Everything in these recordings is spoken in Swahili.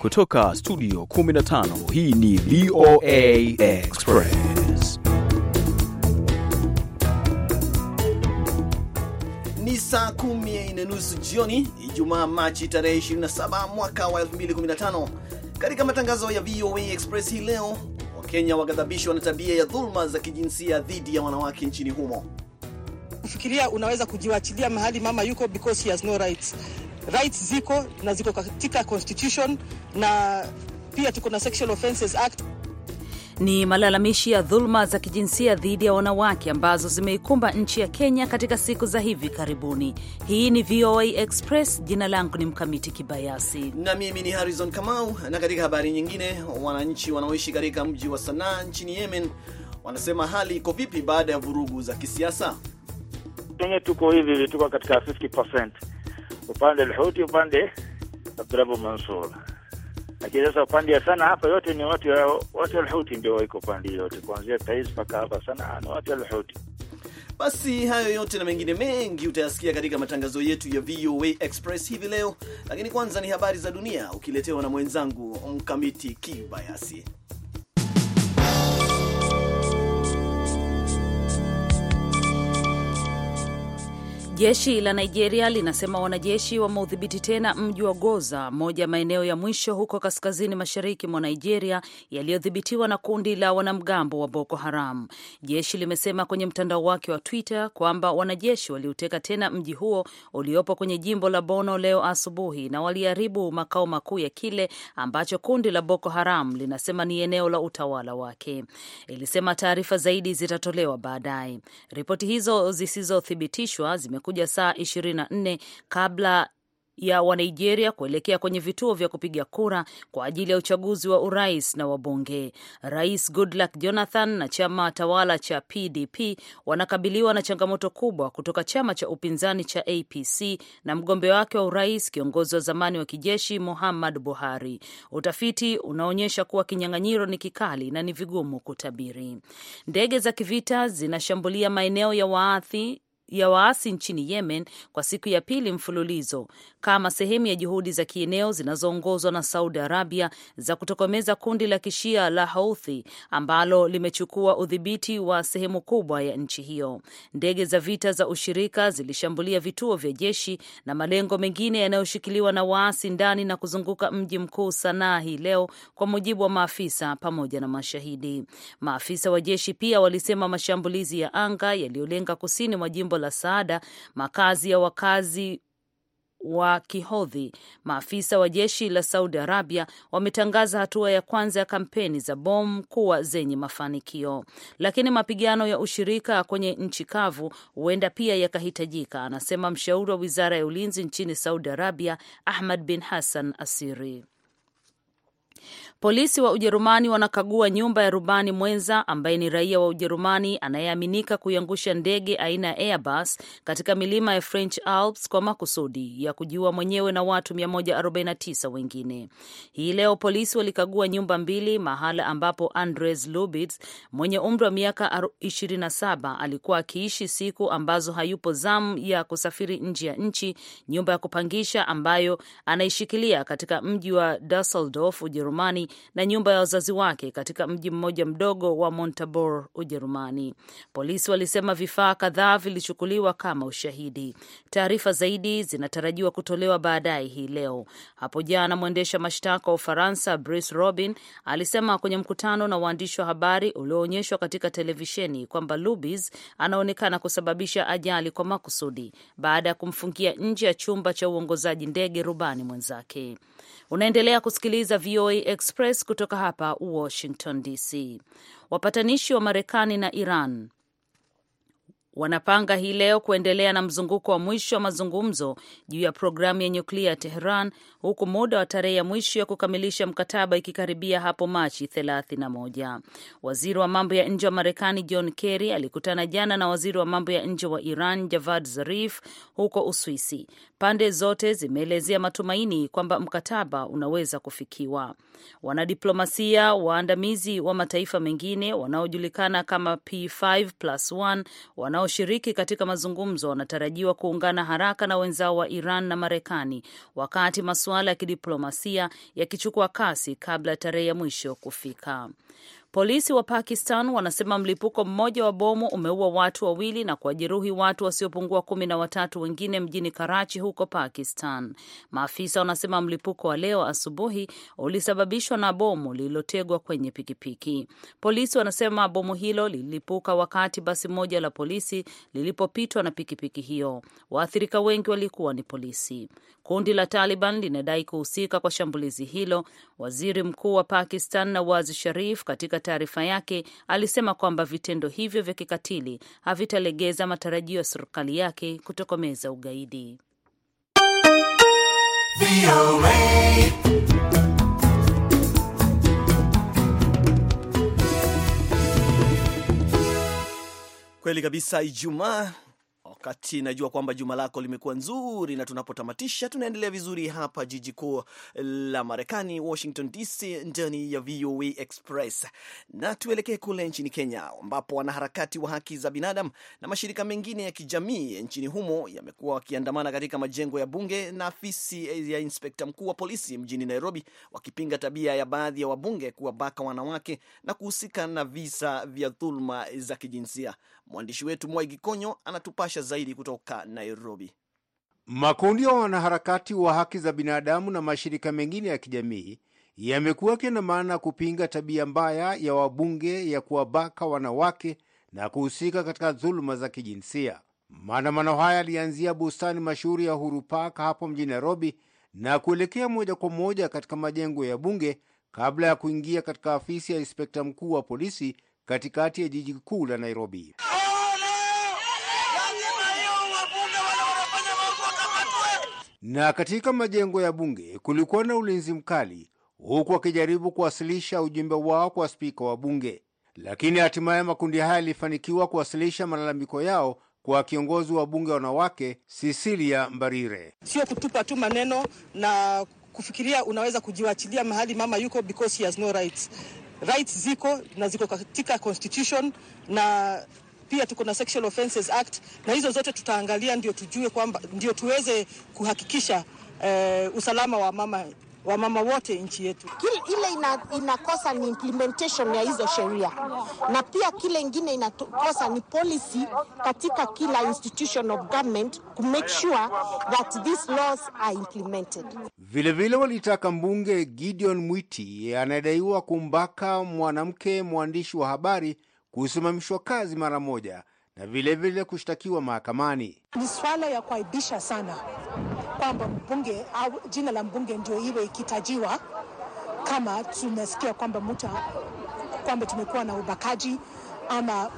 Kutoka studio 15 hii ni VOA Express. Ni saa kumi na nusu jioni Ijumaa, Machi tarehe 27 mwaka wa 2015. Katika matangazo ya VOA Express hii leo, Wakenya wagadhabishwa na tabia ya dhuluma za kijinsia dhidi ya wanawake nchini humo. Fikiria unaweza kujiwachilia mahali mama yuko because he has no rights rights ziko na ziko katika constitution na pia tuko na Sexual offenses Act. Ni malalamishi ya dhuluma za kijinsia dhidi ya wanawake ambazo zimeikumba nchi ya Kenya katika siku za hivi karibuni. Hii ni VOA Express. Jina langu ni Mkamiti Kibayasi na mimi ni Harrison Kamau. Na katika habari nyingine, wananchi wanaoishi katika mji wa Sanaa nchini Yemen wanasema hali iko vipi baada ya vurugu za kisiasa? Kenya tuko hivi, tuko katika 50% upande Alhuti, upande Abdurabu Mansur. Lakini sasa upande ya sana hapa yote ni watu watu Alhuti ndio wako upande yote, kuanzia Taiz mpaka hapa sana ni watu Alhuti. Basi hayo yote na mengine mengi utayasikia katika matangazo yetu ya VOA Express hivi leo, lakini kwanza ni habari za dunia ukiletewa na mwenzangu Mkamiti Kibayasi. Jeshi la Nigeria linasema wanajeshi wameudhibiti tena mji wa Goza, moja ya maeneo ya mwisho huko kaskazini mashariki mwa Nigeria yaliyodhibitiwa na kundi la wanamgambo wa Boko Haram. Jeshi limesema kwenye mtandao wake wa Twitter kwamba wanajeshi waliuteka tena mji huo uliopo kwenye jimbo la Bono leo asubuhi na waliharibu makao makuu ya kile ambacho kundi la Boko Haram linasema ni eneo la utawala wake. Ilisema taarifa zaidi zitatolewa baadaye. Ripoti hizo zisizothibitishwa zime zinakuja saa 24 kabla ya Wanigeria kuelekea kwenye vituo vya kupiga kura kwa ajili ya uchaguzi wa urais na wabunge. Rais Goodluck Jonathan na chama tawala cha PDP wanakabiliwa na changamoto kubwa kutoka chama cha upinzani cha APC na mgombea wake wa urais, kiongozi wa zamani wa kijeshi Muhammad Buhari. Utafiti unaonyesha kuwa kinyang'anyiro ni kikali na ni vigumu kutabiri. Ndege za kivita zinashambulia maeneo ya waathi ya waasi nchini Yemen kwa siku ya pili mfululizo kama sehemu ya juhudi za kieneo zinazoongozwa na Saudi Arabia za kutokomeza kundi la kishia la Houthi ambalo limechukua udhibiti wa sehemu kubwa ya nchi hiyo. Ndege za vita za ushirika zilishambulia vituo vya jeshi na malengo mengine yanayoshikiliwa na waasi ndani na kuzunguka mji mkuu Sanaa hii leo, kwa mujibu wa maafisa pamoja na mashahidi. Maafisa wa jeshi pia walisema mashambulizi ya anga yaliyolenga kusini mwa jimbo la Saada, makazi ya wakazi wa Kihodhi. Maafisa wa jeshi la Saudi Arabia wametangaza hatua ya kwanza ya kampeni za bomu kuwa zenye mafanikio, lakini mapigano ya ushirika kwenye nchi kavu huenda pia yakahitajika, anasema mshauri wa wizara ya ulinzi nchini Saudi Arabia, Ahmad bin Hassan Asiri. Polisi wa Ujerumani wanakagua nyumba ya rubani mwenza ambaye ni raia wa Ujerumani anayeaminika kuiangusha ndege aina ya Airbus katika milima ya French Alps kwa makusudi ya kujiua mwenyewe na watu 149 wengine. Hii leo polisi walikagua nyumba mbili, mahala ambapo Andres Lubitz mwenye umri wa miaka 27 alikuwa akiishi siku ambazo hayupo zamu ya kusafiri nje ya nchi, nyumba ya kupangisha ambayo anaishikilia katika mji wa Dusseldorf, Ujerumani Ujerumani na nyumba ya wazazi wake katika mji mmoja mdogo wa montabor Ujerumani. Polisi walisema vifaa kadhaa vilichukuliwa kama ushahidi. Taarifa zaidi zinatarajiwa kutolewa baadaye hii leo. Hapo jana mwendesha mashtaka wa Ufaransa Brice Robin alisema kwenye mkutano na waandishi wa habari ulioonyeshwa katika televisheni kwamba Lubis anaonekana kusababisha ajali kwa makusudi baada ya kumfungia nje ya chumba cha uongozaji ndege rubani mwenzake. Unaendelea kusikiliza VOA VOA Express kutoka hapa Washington DC. Wapatanishi wa Marekani na Iran wanapanga hii leo kuendelea na mzunguko wa mwisho wa mazungumzo juu ya programu ya nyuklia ya Teheran, huku muda wa tarehe ya mwisho ya kukamilisha mkataba ikikaribia hapo Machi 31. Waziri wa mambo ya nje wa Marekani John Kerry alikutana jana na waziri wa mambo ya nje wa Iran Javad Zarif huko Uswisi. Pande zote zimeelezea matumaini kwamba mkataba unaweza kufikiwa. Wanadiplomasia waandamizi wa mataifa mengine wanaojulikana kama P5+1 wanaoshiriki katika mazungumzo wanatarajiwa kuungana haraka na wenzao wa Iran na Marekani, wakati masuala ya kidiplomasia yakichukua kasi kabla tarehe ya mwisho kufika. Polisi wa Pakistan wanasema mlipuko mmoja wa bomu umeua watu wawili na kuwajeruhi watu wasiopungua kumi na watatu wengine mjini Karachi huko Pakistan. Maafisa wanasema mlipuko wa leo asubuhi ulisababishwa na bomu lililotegwa kwenye pikipiki. Polisi wanasema bomu hilo lililipuka wakati basi moja la polisi lilipopitwa na pikipiki hiyo. Waathirika wengi walikuwa ni polisi. Kundi la Taliban linadai kuhusika kwa shambulizi hilo. Waziri Mkuu wa Pakistan Nawaz Sharif katika taarifa yake alisema kwamba vitendo hivyo vya kikatili havitalegeza matarajio ya serikali yake kutokomeza ugaidi. Kweli kabisa. Ijumaa wakati najua kwamba juma lako limekuwa nzuri, na tunapotamatisha tunaendelea vizuri hapa jiji kuu la Marekani, Washington DC, ndani ya VOA Express, na tuelekee kule nchini Kenya ambapo wanaharakati wa haki za binadamu na mashirika mengine ya kijamii nchini humo yamekuwa wakiandamana katika majengo ya bunge na afisi ya inspekta mkuu wa polisi mjini Nairobi, wakipinga tabia ya baadhi ya wabunge kuwabaka wanawake na kuhusika na visa vya dhuluma za kijinsia. Mwandishi wetu Mwai Gikonyo anatupasha zaidi kutoka Nairobi. Makundi ya wanaharakati wa haki za binadamu na mashirika mengine ya kijamii yamekuwa na maana kupinga tabia mbaya ya wabunge ya kuwabaka wanawake na kuhusika katika dhuluma za kijinsia. Maandamano haya yalianzia bustani mashuhuri ya Uhuru Park hapo mjini Nairobi na kuelekea moja kwa moja katika majengo ya bunge kabla ya kuingia katika afisi ya inspekta mkuu wa polisi katikati ya jiji kuu la Nairobi. Na katika majengo ya bunge kulikuwa na ulinzi mkali, huku wakijaribu kuwasilisha ujumbe wao kwa spika wa bunge, lakini hatimaye makundi haya yalifanikiwa kuwasilisha malalamiko yao kwa kiongozi wa bunge wanawake Cecilia Mbarire. Sio kutupa tu maneno na kufikiria unaweza kujiwachilia mahali mama yuko because he has no rights. Rights ziko na ziko katika constitution na pia tuko na Sexual Offences Act, na hizo zote tutaangalia, ndio tujue kwamba ndio tuweze kuhakikisha eh, usalama wa mama wa mama wote nchi yetu. Kile ile ina, inakosa ni implementation ya hizo sheria, na pia kile ingine inakosa ni policy katika kila institution of government to make sure that these laws are implemented. Vile vile walitaka mbunge Gideon Mwiti anadaiwa kumbaka mwanamke mwandishi wa habari kusimamishwa kazi mara moja na vilevile kushtakiwa mahakamani. Ni swala ya kuaibisha sana kwamba mbunge au jina la mbunge ndio iwe ikitajiwa kama tunasikia kwamba mtu kwamba tumekuwa na ubakaji ama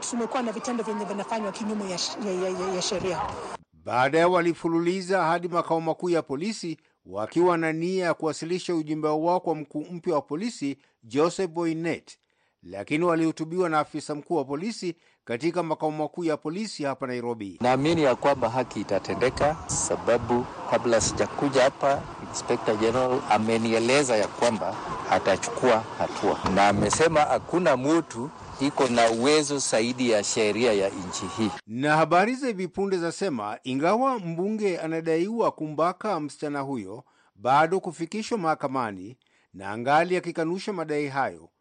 tumekuwa na vitendo vyenye vinafanywa kinyume ya, ya, ya, ya sheria. Baadaye walifululiza hadi makao makuu ya polisi wakiwa na nia ya kuwasilisha ujumbe wao kwa mkuu mpya wa polisi Joseph Boynet lakini walihutubiwa na afisa mkuu wa polisi katika makao makuu ya polisi hapa Nairobi. Naamini ya kwamba haki itatendeka, sababu kabla sijakuja hapa Inspector General amenieleza ya kwamba atachukua hatua na amesema hakuna mutu iko na uwezo zaidi ya sheria ya nchi hii. Na habari za hivi punde zasema ingawa mbunge anadaiwa kumbaka msichana huyo bado kufikishwa mahakamani na angali akikanusha madai hayo.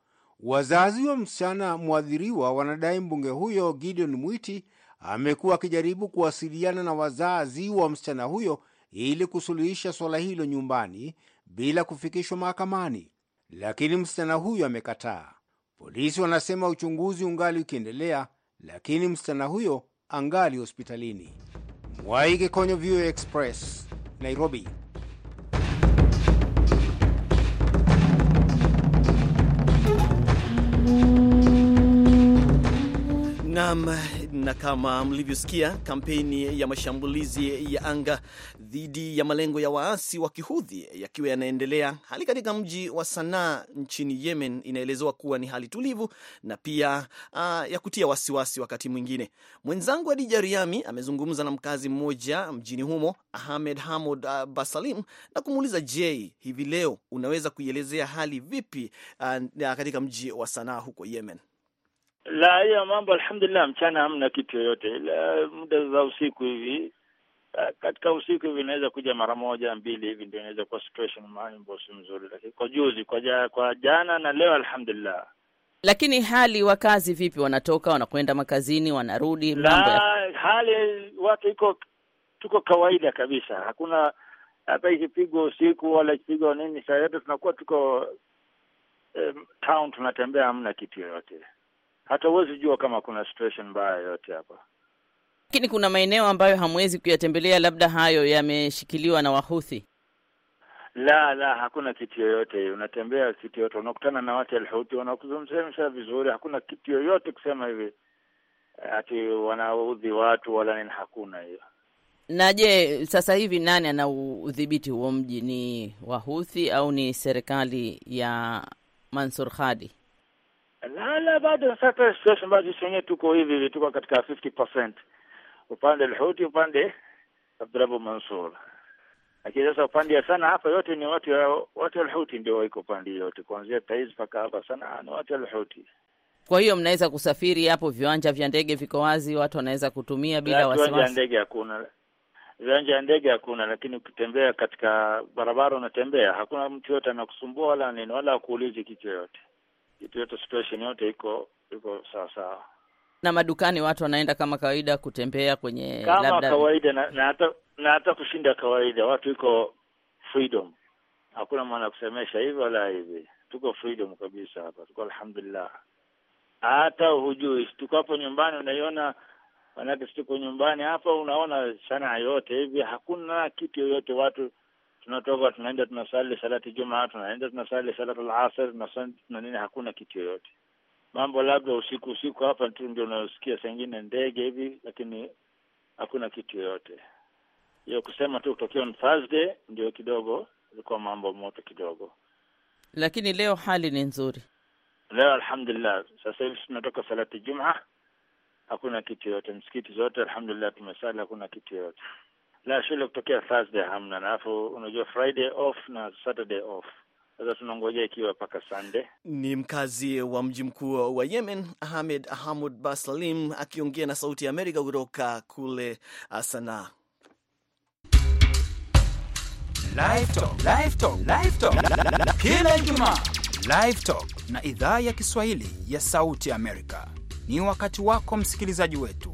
Wazazi wa msichana mwadhiriwa wanadai mbunge huyo Gideon Mwiti amekuwa akijaribu kuwasiliana na wazazi wa msichana huyo ili kusuluhisha suala hilo nyumbani bila kufikishwa mahakamani, lakini msichana huyo amekataa. Polisi wanasema uchunguzi ungali ukiendelea, lakini msichana huyo angali hospitalini. Mwaike Konyo, VOA Express, Nairobi. Naam, na kama mlivyosikia, kampeni ya mashambulizi ya anga dhidi ya malengo ya waasi wa Kihudhi yakiwa yanaendelea. Hali katika mji wa Sanaa nchini Yemen inaelezewa kuwa ni hali tulivu na pia uh, ya kutia wasiwasi wasi wakati mwingine. Mwenzangu Adija Riami amezungumza na mkazi mmoja mjini humo Ahmed Hamod uh, Basalim na kumuuliza je, hivi leo unaweza kuielezea hali vipi uh, katika mji wa Sanaa huko Yemen? La, hiyo mambo alhamdulillah, mchana hamna kitu yoyote, ila muda za usiku hivi, katika usiku hivi inaweza kuja mara moja mbili hivi, ndio inaweza kuwa situation mambo si mzuri, lakini kwa juzi, kwa ja, kwa jana na leo alhamdulillah. Lakini hali wakazi vipi? Wanatoka wanakwenda makazini, wanarudi? La, ya hali watu iko tuko kawaida kabisa, hakuna hata ikipigwa usiku wala ikipigwa nini, saa yote tunakuwa tuko eh, town tunatembea, hamna kitu yoyote hata huwezi jua kama kuna situation mbaya yote hapa. Lakini kuna maeneo ambayo hamwezi kuyatembelea, labda hayo yameshikiliwa na Wahuthi. La, la, hakuna kitu yoyote. Unatembea kitu yoyote, unakutana na watu Alhuthi wanakuzungumzisha vizuri. Hakuna kitu yoyote kusema hivi eh, ati wanaudhi watu wala nini, hakuna hiyo. Na je, sasa hivi nani ana udhibiti huo mji? Ni Wahuthi au ni serikali ya Mansur Hadi? Lala bado sasa situation bado sisi wenyewe tuko hivi hivi, tuko katika 50% upande Al-Houthi, upande Abdurabu Mansur. Lakini sasa upande sana hapa yote ni watu watu Al-Houthi ndio wako upande yote, kuanzia Taiz mpaka hapa sana ni watu Al-Houthi. Kwa hiyo mnaweza kusafiri hapo, viwanja vya ndege viko wazi, watu wanaweza kutumia bila wasiwasi. Viwanja vya ndege hakuna, viwanja vya ndege hakuna, lakini ukitembea katika barabara unatembea, hakuna mtu yote anakusumbua wala nini wala akuulizi kitu yoyote kitu yote, situation yote iko iko sawa sawa, na madukani watu wanaenda kama kawaida kutembea kwenye kama labda kawaida, na, na hata na hata kushinda kawaida, watu iko freedom, hakuna maana kusemesha hivi wala hivi, tuko freedom kabisa hapa, tuko alhamdulillah. Hata hujui tuko hapo nyumbani, unaiona manake, situko nyumbani hapa, unaona sanaa yote hivi, hakuna kitu yoyote watu tunatoka tunaenda tunasali salati Jumaa, tunaenda tunasali salatu al-asr na nini, hakuna kitu yoyote. Mambo labda usiku usiku hapa tu ndio unayosikia sengine ndege hivi, lakini hakuna kitu yoyote. Hiyo kusema tu kutokea on Thursday ndio kidogo ilikuwa mambo moto kidogo, lakini leo hali ni nzuri. Leo alhamdulillah, sasa hivi tunatoka salati Jumaa, hakuna kitu yoyote. Msikiti zote alhamdulillah tumesali, hakuna kitu yoyote la shule kutokea Thursday hamna, alafu unajua Friday off na Saturday off. Sasa tunangojea ikiwa mpaka Sunday. Ni mkazi wa mji mkuu wa Yemen, Ahmed Hamud Basalim akiongea na Sauti ya Amerika kutoka kule Sanaa. Kila Ijumaa Live Talk na idhaa ya Kiswahili ya Sauti Amerika ni wakati wako msikilizaji wetu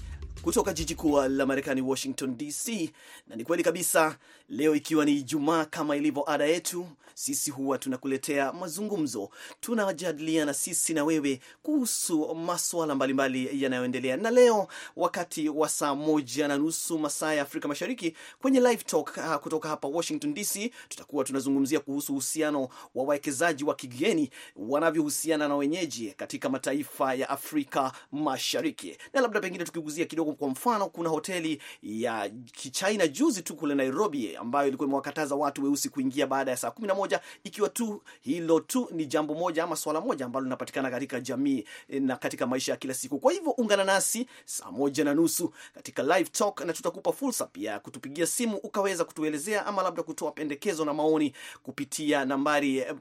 kutoka jiji kuu la Marekani, Washington DC. Na ni kweli kabisa Leo ikiwa ni Ijumaa, kama ilivyo ada yetu, sisi huwa tunakuletea mazungumzo, tunajadiliana sisi na wewe kuhusu maswala mbalimbali yanayoendelea. Na leo wakati wa saa moja na nusu masaa ya Afrika Mashariki kwenye Live Talk ah, kutoka hapa Washington DC, tutakuwa tunazungumzia kuhusu uhusiano wa wawekezaji wa kigeni wanavyohusiana na wenyeji katika mataifa ya Afrika Mashariki, na labda pengine tukiguzia kidogo, kwa mfano kuna hoteli ya Kichina juzi tu kule Nairobi ambayo ilikuwa imewakataza watu weusi kuingia baada ya saa kumi na moja ikiwa tu hilo tu ni jambo moja ama swala moja ambalo linapatikana katika jamii eh, na katika maisha ya kila siku. Kwa hivyo ungana nasi saa moja na nusu katika live talk, na tutakupa fursa pia ya kutupigia simu ukaweza kutuelezea ama labda kutoa pendekezo na maoni kupitia nambari eh,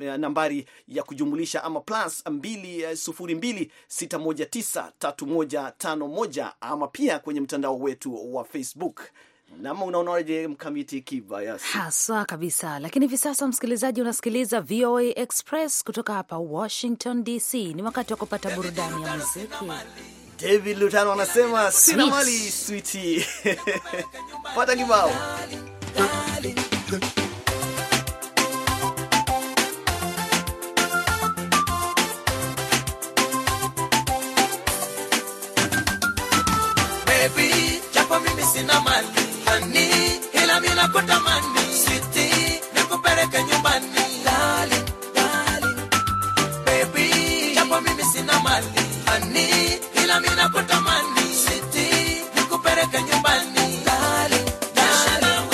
eh, nambari ya kujumulisha ama plus moja ama pia kwenye mtandao wetu wa Facebook. Nam, unaonaje mkamiti kibayasi? Haswa kabisa. Lakini hivi sasa, msikilizaji, unasikiliza VOA Express kutoka hapa Washington DC. Ni wakati wa kupata burudani ya muziki. David Lutano anasema sina mali switi, pata kibao unakotamani siti nikupeleke nyumbani darling, darling, baby japo mimi sina mali hani ila mimi nakotamani siti nikupeleke nyumbani darling, darling,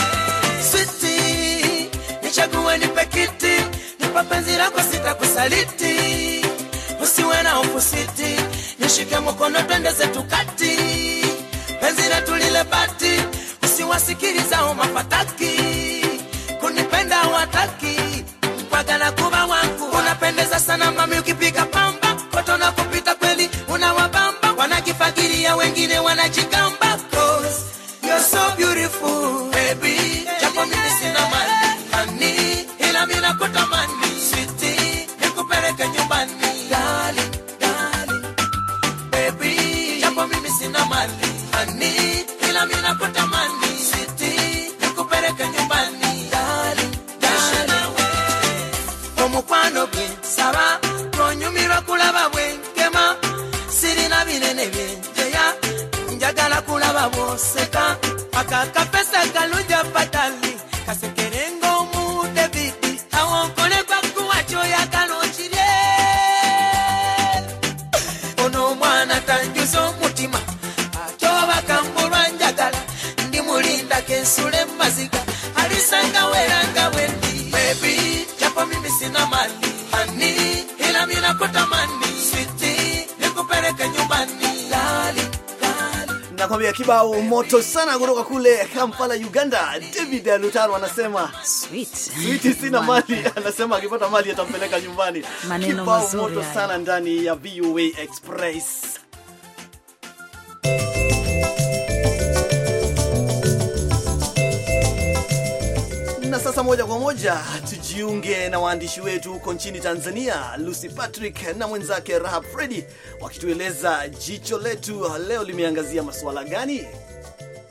siti nichague nipe kiti nipa penzi lako sitakusaliti usiwe na hofu siti nishike mkono twende zetu kati penzi letu lile bati usiwasikiliza au mapati ninenebe njeya njagala kulaba bwoseka akakapesa kalunja anakuambia kibao moto sana kutoka kule Kampala, Uganda. David Lutaro anasema sweet sweet, sina mali anasema akipata mali atampeleka nyumbani. kibao moto sana ndani ya VOA Express. Sasa moja kwa moja tujiunge na waandishi wetu huko nchini Tanzania, Lucy Patrick na mwenzake Rahab Fredi wakitueleza jicho letu leo limeangazia masuala gani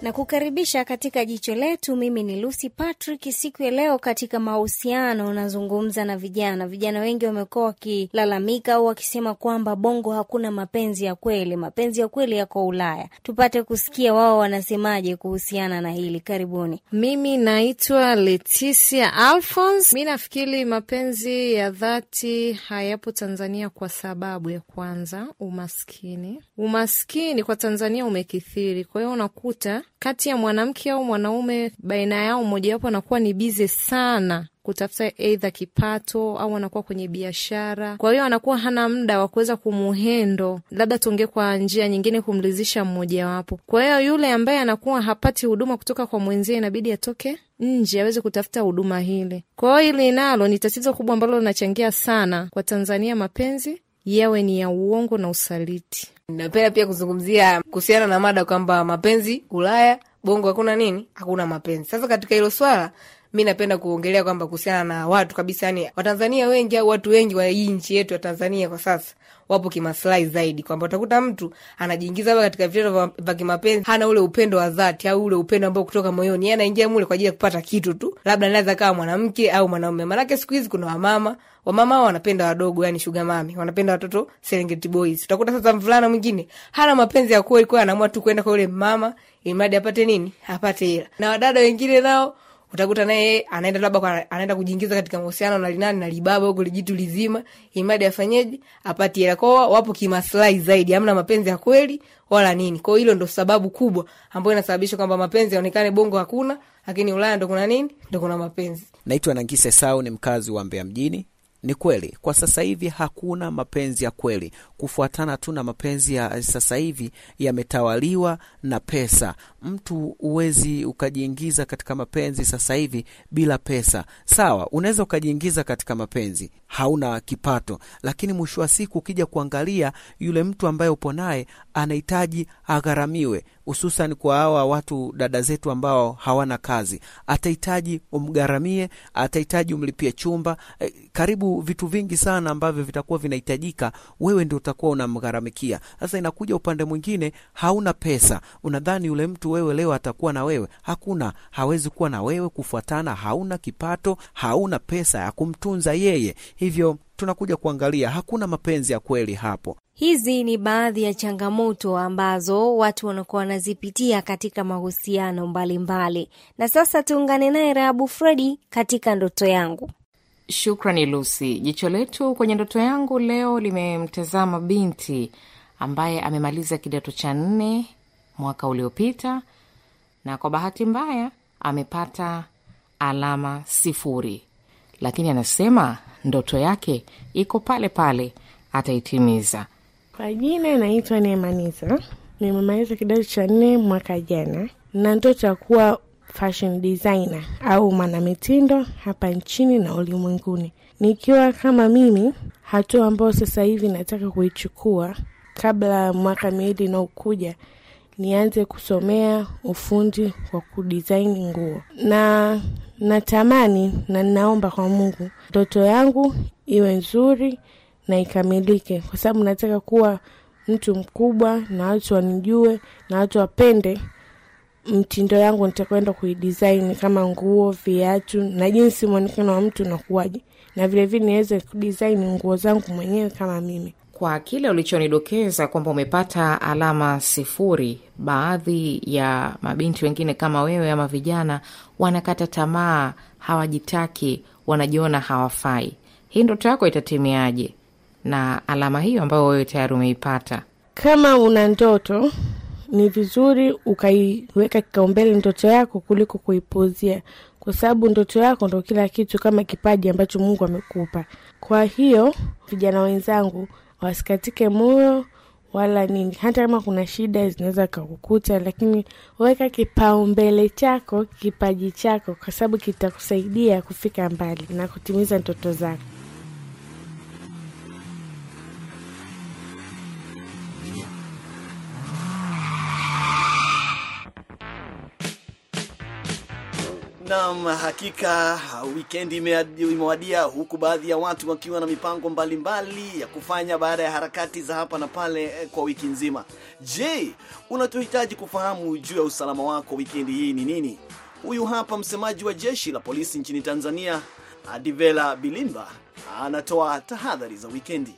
na kukaribisha katika jicho letu. Mimi ni Lucy Patrick. Siku ya leo katika mahusiano unazungumza na vijana. Vijana wengi wamekuwa wakilalamika au wakisema kwamba Bongo hakuna mapenzi ya kweli, mapenzi ya kweli yako Ulaya. Tupate kusikia wao wanasemaje kuhusiana na hili. Karibuni. Mimi naitwa Leticia Alphonse. Mi nafikiri mapenzi ya dhati hayapo Tanzania kwa sababu ya kwanza umaskini. Umaskini kwa Tanzania umekithiri, kwa hiyo unakuta kati ya mwanamke au mwanaume, baina yao mmojawapo anakuwa ni bize sana kutafuta eidha kipato au anakuwa kwenye biashara, kwa hiyo anakuwa hana muda wa kuweza kumuhendo, labda tuongee kwa njia nyingine, kumridhisha mmojawapo. Kwa hiyo yule ambaye anakuwa hapati huduma kutoka kwa mwenzie, inabidi atoke nje aweze kutafuta huduma hile. Kwa hiyo hili nalo ni tatizo kubwa ambalo linachangia sana kwa Tanzania mapenzi yawe ni ya uongo na usaliti. Napenda pia kuzungumzia kuhusiana na mada kwamba mapenzi Ulaya, bongo hakuna nini, hakuna mapenzi. Sasa katika hilo swala mi napenda kuongelea kwamba kuhusiana na watu kabisa, yani Watanzania wengi au watu wengi wa hii nchi yetu ya Tanzania kwa sasa wapo kimaslahi zaidi, kwamba utakuta mtu anajiingiza hapa katika vitendo vya kimapenzi, hana ule upendo wa dhati au ule upendo ambao kutoka moyoni, yeye anaingia mule kwa ajili ya kupata kitu tu, labda naweza kawa mwanamke au mwanaume. Maanake siku hizi kuna wamama wamama wanapenda wadogo, yani shuga mami wanapenda watoto Serengeti boys. Utakuta sasa mvulana mwingine hana mapenzi ya kweli, kwa anaamua tu kwenda kwa yule mama imradi apate nini, apate hela. Na wadada wengine nao utakuta naye anaenda labda anaenda kujiingiza katika mahusiano na linani na libaba huko lijitu lizima, imradi afanyeje, apati hela. Kwao wapo kimaslahi zaidi, hamna mapenzi ya kweli wala nini. Kwao hilo ndo sababu kubwa ambayo inasababisha kwamba mapenzi yaonekane Bongo hakuna, lakini Ulaya ndo kuna nini, ndo kuna mapenzi. Naitwa Nangise Sau, ni mkazi wa Mbeya mjini ni kweli kwa sasa hivi hakuna mapenzi ya kweli, kufuatana tu na mapenzi ya sasa hivi yametawaliwa na pesa. Mtu huwezi ukajiingiza katika mapenzi sasa hivi bila pesa. Sawa, unaweza ukajiingiza katika mapenzi hauna kipato, lakini mwisho wa siku ukija kuangalia yule mtu ambaye upo naye anahitaji agharamiwe, hususan kwa hawa watu dada zetu ambao hawana kazi. Atahitaji umgharamie, atahitaji umlipie chumba, eh, karibu vitu vingi sana ambavyo vitakuwa vinahitajika, wewe ndio utakuwa unamgharamikia. Sasa inakuja upande mwingine, hauna pesa, unadhani yule mtu wewe leo atakuwa na wewe? Hakuna, hawezi kuwa na wewe kufuatana, hauna kipato, hauna pesa ya kumtunza yeye, hivyo tunakuja kuangalia hakuna mapenzi ya kweli hapo. Hizi ni baadhi ya changamoto ambazo watu wanakuwa wanazipitia katika mahusiano mbalimbali mbali. Na sasa tuungane naye Rahabu Fredi katika ndoto yangu. Shukrani Lucy. Jicho letu kwenye ndoto yangu leo limemtazama binti ambaye amemaliza kidato cha nne mwaka uliopita, na kwa bahati mbaya amepata alama sifuri, lakini anasema ndoto yake iko pale pale, ataitimiza. Kwa jina naitwa Neemaniza, nimemaliza kidato cha nne mwaka jana na ndoto ya kuwa fashion designer au mwanamitindo hapa nchini na ulimwenguni. Nikiwa kama mimi, hatua ambayo sasa hivi nataka kuichukua kabla mwaka miwili inaokuja nianze kusomea ufundi wa kudesign nguo, na natamani na ninaomba kwa Mungu ndoto yangu iwe nzuri na ikamilike, kwa sababu nataka kuwa mtu mkubwa na watu wanijue na watu wapende mtindo yangu nitakwenda kuidesign kama nguo, viatu na jinsi mwonekano wa mtu nakuwaje, na vilevile niweze kudesign nguo zangu mwenyewe kama mimi. Kwa kile ulichonidokeza kwamba umepata alama sifuri, baadhi ya mabinti wengine kama wewe ama vijana wanakata tamaa, hawajitaki, wanajiona hawafai. Hii ndoto yako itatimiaje? na alama hiyo ambayo wewe tayari umeipata. Kama una ndoto, ni vizuri ukaiweka kikaumbele ndoto yako kuliko kuipuzia kwa sababu ndoto yako ndo kila kitu, kama kipaji ambacho Mungu amekupa. Kwa hiyo vijana wenzangu wasikatike moyo wala nini, hata kama kuna shida zinaweza kakukuta, lakini weka kipaumbele chako kipaji chako, kwa sababu kitakusaidia kufika mbali na kutimiza ndoto zako. Naam, hakika wikendi imewadia huku baadhi ya watu wakiwa na mipango mbalimbali mbali ya kufanya baada ya harakati za hapa na pale eh, kwa wiki nzima. Je, unatuhitaji kufahamu juu ya usalama wako wikendi hii ni nini? Huyu hapa msemaji wa jeshi la polisi nchini Tanzania, Adivela Bilimba, anatoa tahadhari za wikendi.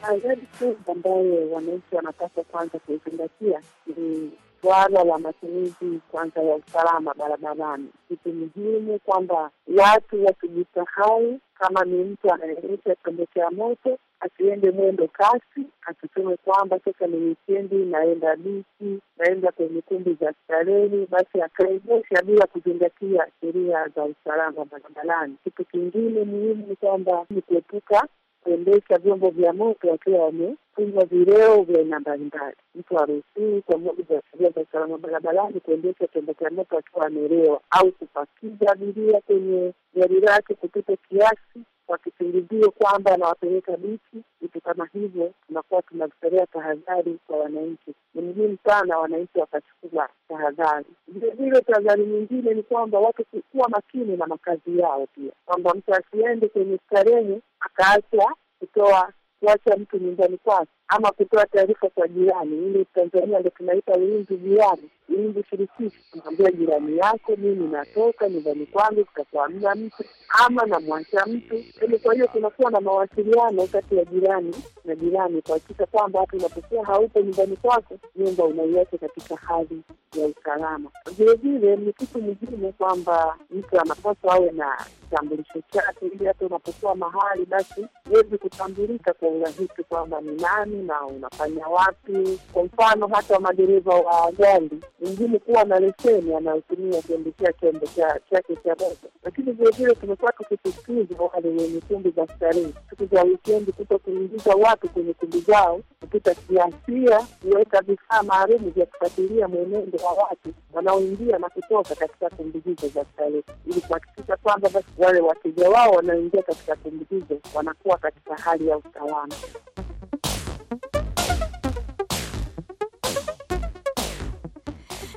Tahadhari kuu ambayo wananchi wanapaswa kwanza kuizingatia ni swala la matumizi kwanza ya usalama barabarani, kitu muhimu kwamba watu wasijisahau. Kama ni mtu anaendesha chombo cha moto, asiende mwendo kasi, akiseme kwamba sasa ni wikendi, naenda bichi, naenda kwenye kumbi za starehe, basi akaegesha bila kuzingatia sheria za usalama barabarani. Kitu kingine muhimu ni kwamba ni kuepuka kuendesha vyombo vya moto wakiwa wamekunywa vileo vya aina mbalimbali. Mtu haruhusiwi kwa mujibu wa sheria za usalama barabarani kuendesha chombo cha moto akiwa amelewa au kupakiza abiria kwenye gari lake kupita kiasi wakisingizio kwamba anawapeleka bichi, vitu kama hivyo, tunakuwa tunazitolea tahadhari kwa wananchi. Ni muhimu sana wananchi wakachukua tahadhari. Vilevile, tahadhari nyingine ni kwamba watu kuwa makini na makazi yao pia, kwamba mtu asiende kwenye starehe akaacha kutoa kuacha mtu nyumbani kwake ama kutoa taarifa kwa jirani. ili Tanzania ndio tunaita ulinzi jirani, ulinzi shirikishi. Unaambia jirani yako, mimi natoka nyumbani kwangu kutakuwa mtu ama namwacha mtu. Yaani kwa hiyo kunakuwa na mawasiliano kati ya jirani na jirani kuhakikisha kwamba hata unapokea haupo nyumbani kwako, nyumba unaiacha katika hali ya usalama. Vilevile ni kitu muhimu kwamba mtu anapaswa awe na kitambulisho chake, ili hata unapokuwa mahali basi uweze kutambulika kwa urahisi kwamba ni nani gani na unafanya wapi. Kwa mfano hata madereva wa gari wengine kuwa na leseni anayotumia kuendeshea chombo chake cha moto, lakini vilevile tumekuwa tukisikiza wale wenye kumbi za starehe siku za wikendi kuto kuingiza watu kwenye kumbi zao kupita kiasia, kuweka vifaa maalumu vya kufuatilia mwenendo wa watu wanaoingia na kutoka katika kumbi hizo za starehe ili kuhakikisha kwamba basi wale wateja wao wanaoingia katika kumbi hizo wanakuwa katika hali ya usalama.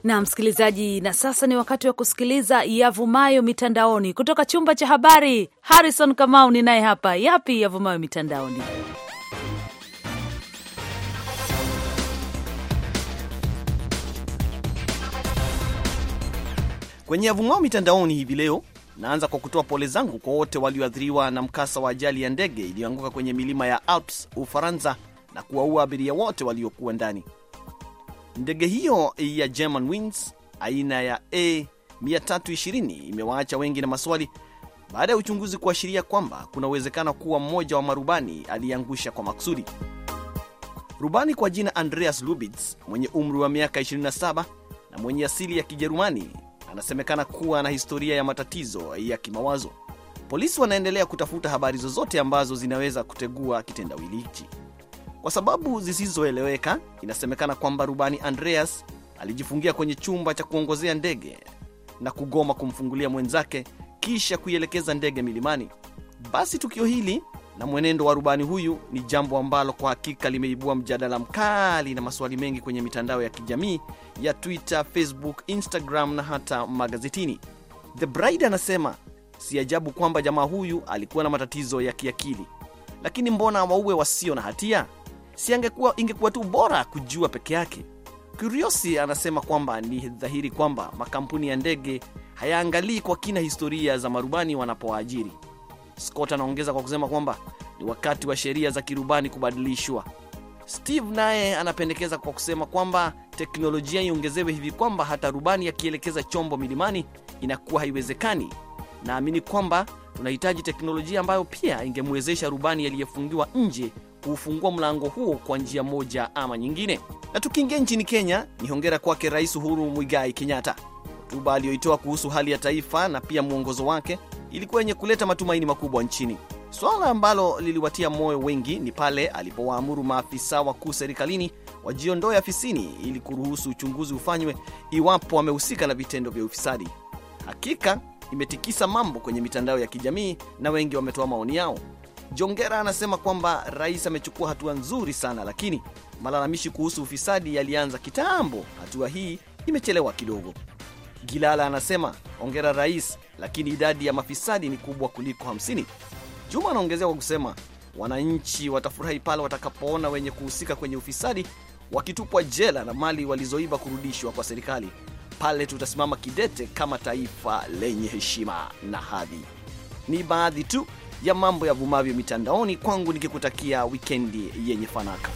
na msikilizaji, na sasa ni wakati wa kusikiliza yavumayo mitandaoni kutoka chumba cha habari. Harrison Kamau ni naye hapa, yapi yavumayo mitandaoni? Kwenye yavumao mitandaoni hivi leo, naanza kwa kutoa pole zangu kwa wote walioathiriwa na mkasa wa ajali ya ndege iliyoanguka kwenye milima ya Alps, Ufaransa, na kuwaua abiria wote waliokuwa ndani. Ndege hiyo ya german Wings aina ya A320 imewaacha wengi na maswali baada ya uchunguzi kuashiria kwamba kuna uwezekano kuwa mmoja wa marubani aliyeangusha kwa makusudi. Rubani kwa jina Andreas Lubitz mwenye umri wa miaka 27 na mwenye asili ya Kijerumani anasemekana kuwa na historia ya matatizo ya kimawazo. Polisi wanaendelea kutafuta habari zozote ambazo zinaweza kutegua kitendawili hichi. Kwa sababu zisizoeleweka, inasemekana kwamba rubani Andreas alijifungia kwenye chumba cha kuongozea ndege na kugoma kumfungulia mwenzake kisha kuielekeza ndege milimani. Basi tukio hili na mwenendo wa rubani huyu ni jambo ambalo kwa hakika limeibua mjadala mkali na maswali mengi kwenye mitandao ya kijamii ya Twitter, Facebook, Instagram na hata magazetini. The Bride anasema si ajabu kwamba jamaa huyu alikuwa na matatizo ya kiakili, lakini mbona waue wasio na hatia? si angekuwa, ingekuwa tu bora kujua peke yake. Kuriosi anasema kwamba ni dhahiri kwamba makampuni ya ndege hayaangalii kwa kina historia za marubani wanapowaajiri. Scott anaongeza kwa kusema kwamba ni wakati wa sheria za kirubani kubadilishwa. Steve naye anapendekeza kwa kusema kwamba teknolojia iongezewe hivi kwamba hata rubani akielekeza chombo milimani inakuwa haiwezekani. Naamini kwamba tunahitaji teknolojia ambayo pia ingemwezesha rubani aliyefungiwa nje kufungua mlango huo kwa njia moja ama nyingine. Na tukiingia nchini Kenya, ni hongera kwake Rais Uhuru Mwigai Kenyatta. Hotuba aliyoitoa kuhusu hali ya taifa na pia mwongozo wake ilikuwa yenye kuleta matumaini makubwa nchini. Suala ambalo liliwatia moyo wengi ni pale alipowaamuru maafisa wakuu serikalini wajiondoe afisini ili kuruhusu uchunguzi ufanywe iwapo wamehusika na vitendo vya ufisadi. Hakika imetikisa mambo kwenye mitandao ya kijamii na wengi wametoa maoni yao. Jongera anasema kwamba rais amechukua hatua nzuri sana, lakini malalamishi kuhusu ufisadi yalianza kitambo. Hatua hii imechelewa kidogo. Gilala anasema ongera rais, lakini idadi ya mafisadi ni kubwa kuliko hamsini. Juma anaongezea kwa kusema wananchi watafurahi pale watakapoona wenye kuhusika kwenye ufisadi wakitupwa jela na mali walizoiba kurudishwa kwa serikali. Pale tutasimama kidete kama taifa lenye heshima na hadhi. Ni baadhi tu ya mambo ya vumavyo mitandaoni, kwangu nikikutakia wikendi yenye fanaka.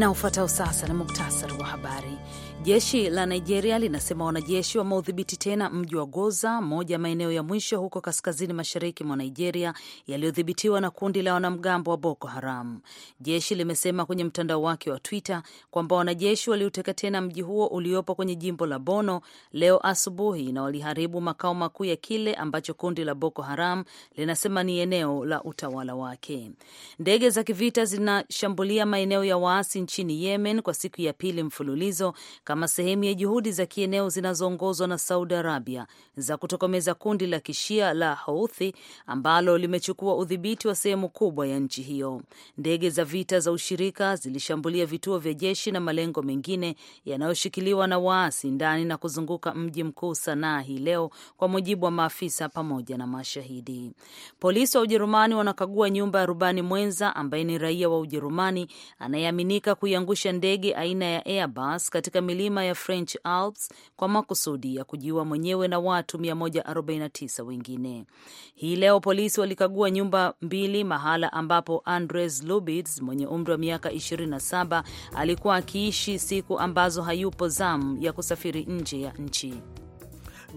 Na ufuatao sasa na muktasari wa habari. Jeshi la Nigeria linasema wanajeshi wameudhibiti tena mji wa Goza, moja ya maeneo ya mwisho huko kaskazini mashariki mwa Nigeria yaliyodhibitiwa na kundi la wanamgambo wa Boko Haram. Jeshi limesema kwenye mtandao wake wa Twitter kwamba wanajeshi waliuteka tena mji huo uliopo kwenye jimbo la Bono leo asubuhi, na waliharibu makao makuu ya kile ambacho kundi la Boko Haram linasema ni eneo la utawala wake. Ndege za kivita zinashambulia maeneo ya waasi nchini Yemen kwa siku ya pili mfululizo kama sehemu ya juhudi za kieneo zinazoongozwa na Saudi Arabia za kutokomeza kundi la kishia la Houthi ambalo limechukua udhibiti wa sehemu kubwa ya nchi hiyo. Ndege za vita za ushirika zilishambulia vituo vya jeshi na malengo mengine yanayoshikiliwa na waasi ndani na kuzunguka mji mkuu Sanaa hii leo, kwa mujibu wa maafisa pamoja na mashahidi. Polisi wa Ujerumani wanakagua nyumba ya rubani mwenza ambaye ni raia wa Ujerumani anayeaminika kuiangusha ndege aina ya Airbus katika milima ya French Alps kwa makusudi ya kujiua mwenyewe na watu 149 wengine. Hii leo polisi walikagua nyumba mbili mahala ambapo Andres Lubitz mwenye umri wa miaka 27 alikuwa akiishi siku ambazo hayupo zamu ya kusafiri nje ya nchi.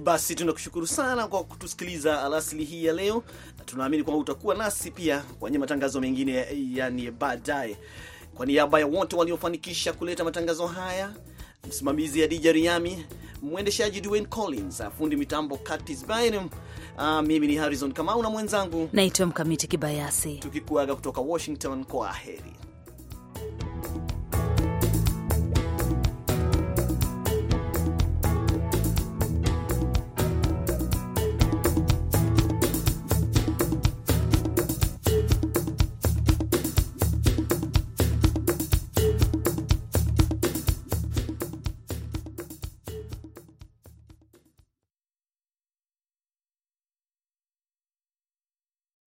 Basi tunakushukuru sana kwa kutusikiliza alasili hii ya leo. Tunaamini kwamba utakuwa nasi pia kwenye matangazo mengine yani baadaye. Kwa niaba ya wote waliofanikisha kuleta matangazo haya, msimamizi Adija Riami, mwendeshaji Dwayne Collins, fundi mitambo Curtis Bynum, uh, mimi ni Harrison Kamau na mwenzangu naitwa Mkamiti Kibayasi, tukikuaga kutoka Washington. Kwa heri.